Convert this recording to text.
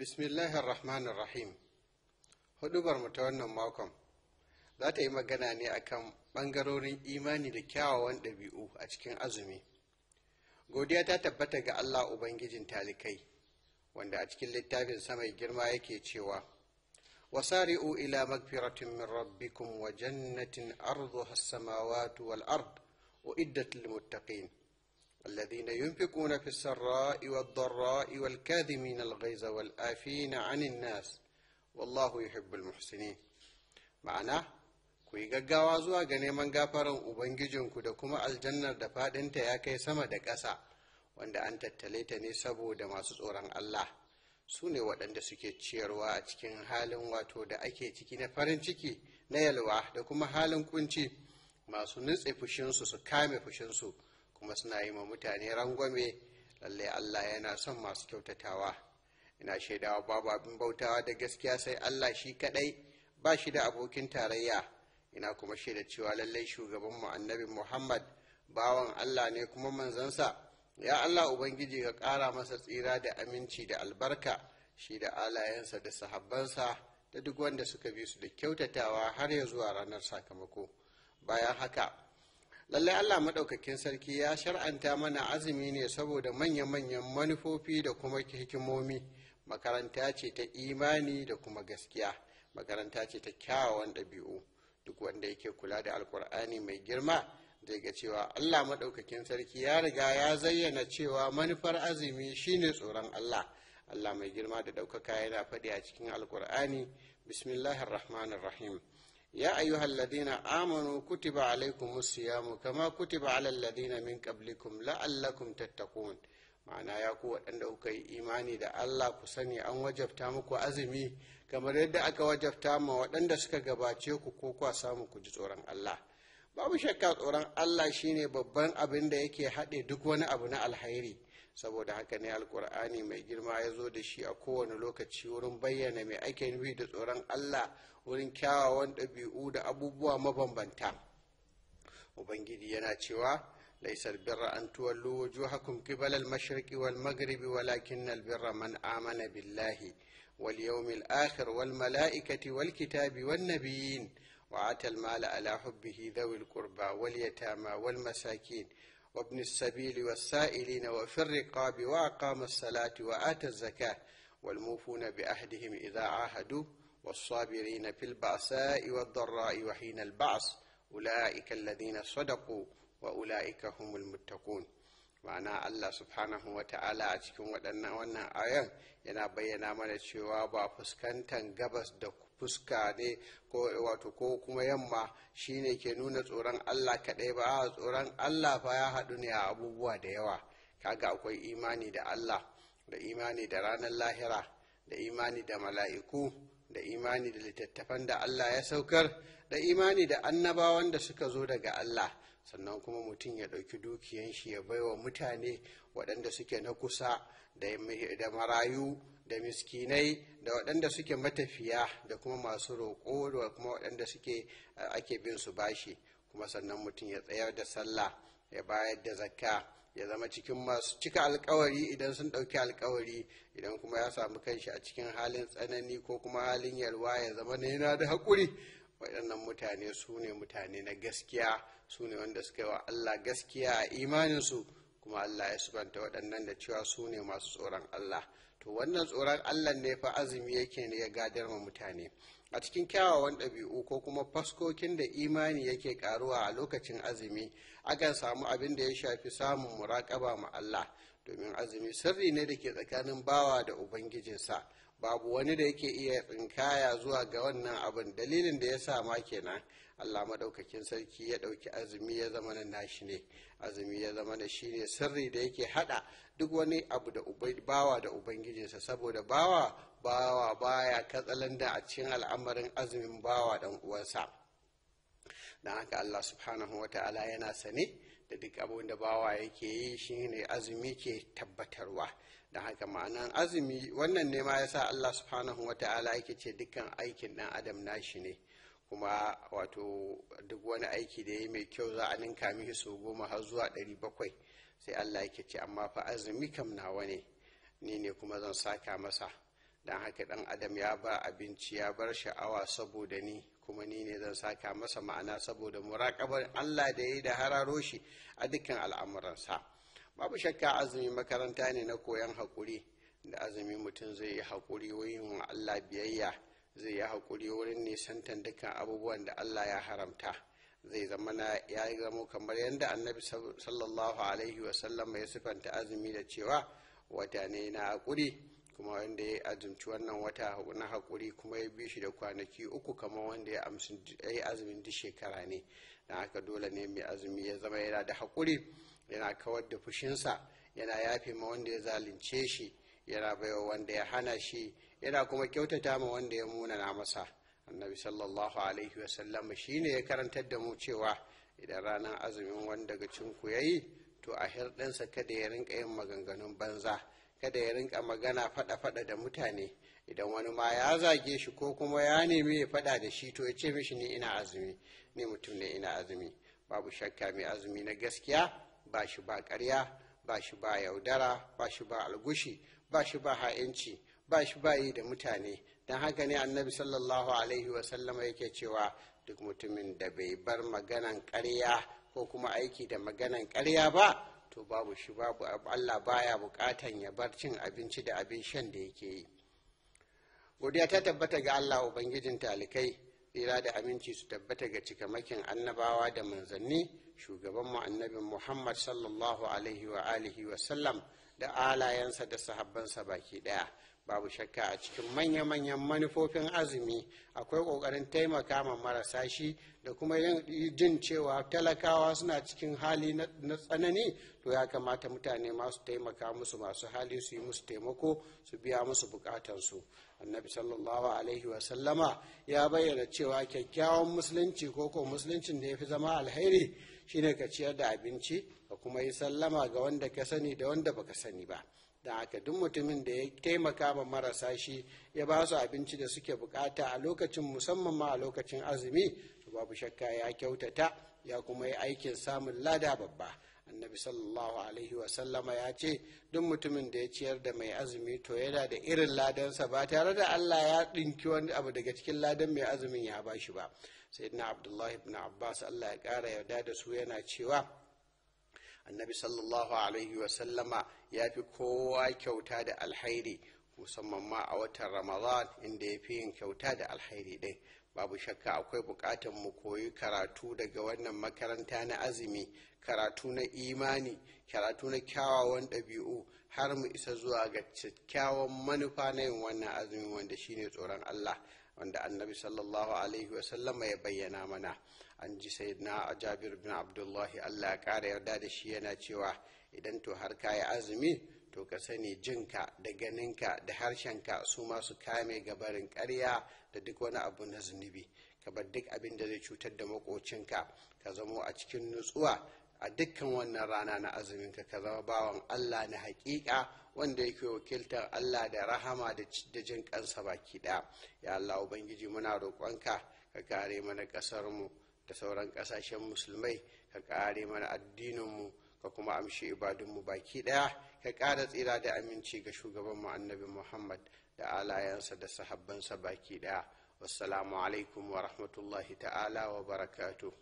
bismillahir rahmanir rahim hudubar mu ta wannan makon za ta yi magana ne akan ɓangarorin imani da kyawawan ɗabi'u a cikin azumi godiya ta tabbata ga allah ubangijin talikai wanda a cikin littafin samai girma yake cewa wasari'u ila magfiratin min rabbikum wa jannatin arduha samawati wal ard uiddat muttaqin الذين ينفقون في السراء والضراء والكاذمين الغيظ والآفين عن الناس والله يحب المحسنين معناه ku yi gaggawa zuwa ga neman gafaran ubangijinku da kuma aljannar da faɗinta ya kai sama da ƙasa wanda an tattale ta ne saboda masu tsoron Allah su ne waɗanda suke ciyarwa a cikin halin wato da ake ciki na farin ciki na yalwa da kuma halin kunci masu nutse fushinsu su kame fushinsu kuma suna yi ma mutane rangwame lallai Allah yana son masu kyautatawa ina shaidawa babu abin bautawa da gaskiya sai Allah shi kadai ba shi da abokin tarayya ina kuma shaida cewa lalle shugaban mu annabi Muhammad bawan Allah ne kuma manzansa ya Allah ubangiji ka ƙara masa tsira da aminci da albarka shi da alayensa da sahabbansa da duk wanda suka bi su da kyautatawa har ya zuwa ranar sakamako bayan haka lallai allah maɗaukakin sarki ya shar'anta mana azumi ne saboda manya-manyan manufofi da kuma hikimomi makaranta ce ta imani da kuma gaskiya makaranta ce ta kyawawan ɗabi'u duk wanda yake kula da alkur'ani mai girma zai ga cewa allah maɗaukakin sarki ya riga ya zayyana cewa manufar azumi shine tsoron allah allah mai girma da ɗaukaka yana faɗi a cikin alkur'ani bismillahir Ya أيها الذين آمنوا kutiba alaikum الصيام Kama kutiba على الذين من قبلكم ma'ana ya ku waɗanda kuka yi imani da Allah ku sani an wajabta muku azumi kamar yadda aka wajabta ma waɗanda suka gabace ku ko kwa samu ku ji tsoron Allah babu shakka tsoron Allah shine babban abin da yake haɗe duk wani abu na alhairi saboda haka ne alkur'ani mai girma ya zo da shi a kowane lokaci wurin bayyana mai ake nufi da tsoron allah wurin kyawawan ɗabi'u da abubuwa mabambanta ubangiji yana cewa laisar birra an tuwallo wujuhakum qibala al-mashriqi wal maghribi walakin al man amana billahi wal yawmil akhir wal mala'ikati wal kitabi wan nabiyyin وآتى المال على حبه wal القربى واليتامى وابن السبيل والسائلين وفي الرقاب وأقام الصلاة وآتى الزكاة والموفون بأهدهم إذا عاهدوا والصابرين في البأساء والضراء وحين البعث أولئك الذين صدقوا وأولئك هم المتقون ma'ana الله سبحانه وتعالى ta'ala ودنا cikin آيان ينا بينا yana bayyana mana cewa دكو fuska ne ko wato ko kuma yamma shine ke nuna tsoron Allah kaɗai ba tsoron Allah fa ya haɗu ne a abubuwa da yawa kaga akwai imani da Allah da imani da ranar lahira da imani da mala'iku da imani da littattafan da Allah ya saukar da imani da annabawan da suka zo daga Allah sannan kuma mutum ya ɗauki dukiyan shi ya baiwa mutane waɗanda suke na kusa da marayu da miskinai da waɗanda suke matafiya da kuma masu roƙo da kuma waɗanda suke eh, ake bin su bashi kuma sannan mutum ya tsayar da sallah ya bayar da zakka ya zama cikin masu cika alkawari idan sun ɗauki alkawari idan kuma ya samu kanshi a cikin halin tsanani ko kuma halin yalwa ya zama na yana da haƙuri waɗannan mutane su ne mutane na gaskiya su ne wanda suka yi wa Allah gaskiya a imaninsu kuma Allah ya subanta waɗannan da cewa su ne masu tsoron Allah to wannan tsoron Allah ne fa azumi yake ne ya gadar ma mutane a cikin kyawawan ɗabi'u ko kuma faskokin da imani yake karuwa a lokacin azumi akan samu abin da ya shafi samun muraƙaba ma Allah domin azumi sirri ne da ke tsakanin bawa da ubangijinsa babu wani da yake iya tsinkaya zuwa ga wannan abin dalilin da ya sa ma kenan allah maɗaukakin sarki ya ɗauki azumi ya zama na nashi ne azumi ya zama na shi ne sirri da yake haɗa duk wani abu da bawa da ubangijinsa saboda bawa bawa baya katsalanda a cikin al'amarin azumin bawa dan uwansa don haka allah subhanahu wa ta'ala yana sane da duk abin da bawa yake yi shi ne azumi ke tabbatarwa da haka ma'anan azumi wannan ne ma yasa Allah subhanahu wa ta'ala yake ce dukkan aikin dan adam nashi ne kuma wato duk wani aiki da ya mai kyau za a ninka mihi sau goma har zuwa ɗari bakwai sai Allah yake ce amma fa azumi kam nawa ne ni ne kuma zan saka masa dan haka dan adam ya ba abinci ya bar sha'awa saboda ni kuma ni ne zan saka masa ma'ana saboda muraƙabar Allah da ya yi da hararo shi a dukkan al'amuransa. babu shakka azumi makaranta ne na koyon haƙuri da azumi mutum zai yi haƙuri wurin Allah biyayya zai yi haƙuri wurin nisantan dukkan abubuwan da Allah ya haramta zai zama na ya yi zama kamar yadda annabi sallallahu alaihi wasallam ya sifanta azumi da cewa wata ne na haƙuri kuma wanda ya azumci wannan wata na haƙuri kuma ya bi shi da kwanaki uku kamar wanda ya yi azumin duk shekara ne na haka dole ne mai azumi ya zama yana da haƙuri yana kawar da fushinsa yana yafe ma wanda ya zalunce shi yana baiwa wanda ya hana shi yana kuma kyautata ma wanda ya munana masa annabi sallallahu alaihi wasallam shi ne ya karantar da mu cewa idan ranar azumin wanda daga cinku ya yi to a hirɗinsa kada ya rinka yin maganganun banza kada ya rinka magana faɗa-faɗa da mutane idan wani ma ya zage shi ko kuma ya nemi ya faɗa da shi to ya ce mishi ni ina azumi ni mutum ne ina azumi babu shakka mai azumi na gaskiya ba shi ba karya, ba shi ba yaudara ba shi ba algushi ba shi ba ha'inci ba shi ba yi da mutane don haka ne annabi sallallahu alaihi wasallama yake cewa duk mutumin da bai bar maganan karya ko kuma aiki da maganan karya ba to babu shi babu allah baya buƙatan ya bar cin abinci da abin shan da yake yi godiya ta tabbata ga allah ubangijin talikai tsira da aminci su tabbata ga cikamakin annabawa da manzanni shugabanmu annabin muhammad sallallahu alaihi wa alihi wa sallam da alayensa da sahabbansa baki daya babu shakka a cikin manya-manyan manufofin azumi akwai ƙoƙarin taimaka ma marasa shi da kuma jin cewa talakawa suna cikin hali na tsanani to ya kamata mutane masu taimaka musu masu hali su yi musu taimako su biya musu bukatansu annabi sallallahu alaihi wasallama ya bayyana cewa kyakkyawan musulunci ko ko musuluncin da ya fi zama alheri shine ka ciyar da abinci ka kuma yi sallama ga wanda ka sani da wanda baka sani ba da haka duk mutumin da ya taimaka ma marasa shi ya ba su abinci da suke bukata a lokacin musamman ma a lokacin azumi to babu shakka ya kyautata ya kuma yi aikin samun lada babba annabi sallallahu alaihi wasallama ya ce duk mutumin da ya ciyar da mai azumi to yana da irin ladansa ba tare da allah ya ɗinki wani abu daga cikin ladan mai azumin ya ba shi ba sayyidina abdullahi ibn abbas allah ya ƙara yarda da su yana cewa annabi sallallahu alaihi wasallama ya fi kowa kyauta da alhairi musamman ma a watan ramadan inda ya fi yin kyauta da alhairi ɗin babu shakka akwai buƙatar mu koyi karatu daga wannan makaranta na azumi karatu na imani karatu na kyawawan ɗabi'u har mu isa zuwa ga kyawawan manufa na yin wannan azumi wanda shine tsoron allah wanda annabi sallallahu alaihi wasallama ya bayyana mana an ji sayyidina jabir bin abdullahi allah ya ƙara yarda da shi yana cewa idan to har ka yi azumi to ka sani jinka da ganinka da harshenka su masu kame gabarin karya da duk wani abu na zunubi ka bar duk abin da zai cutar da makocinka ka zamo a cikin nutsuwa a dukkan wannan rana na azuminka ka zama bawan Allah na haƙiƙa wanda yake wakiltar Allah da rahama da jin kansa baki ɗaya ya Allah ubangiji muna roƙonka ka kare mana ƙasarmu da sauran ƙasashen musulmai ka kare mana addininmu ka kuma amshi ibadunmu baki daya ka ƙara tsira da aminci ga shugabanmu annabi muhammad da alayensa da sahabbansa baki daya wassalamu alaikum wa rahmatullahi ta'ala wa barakatuh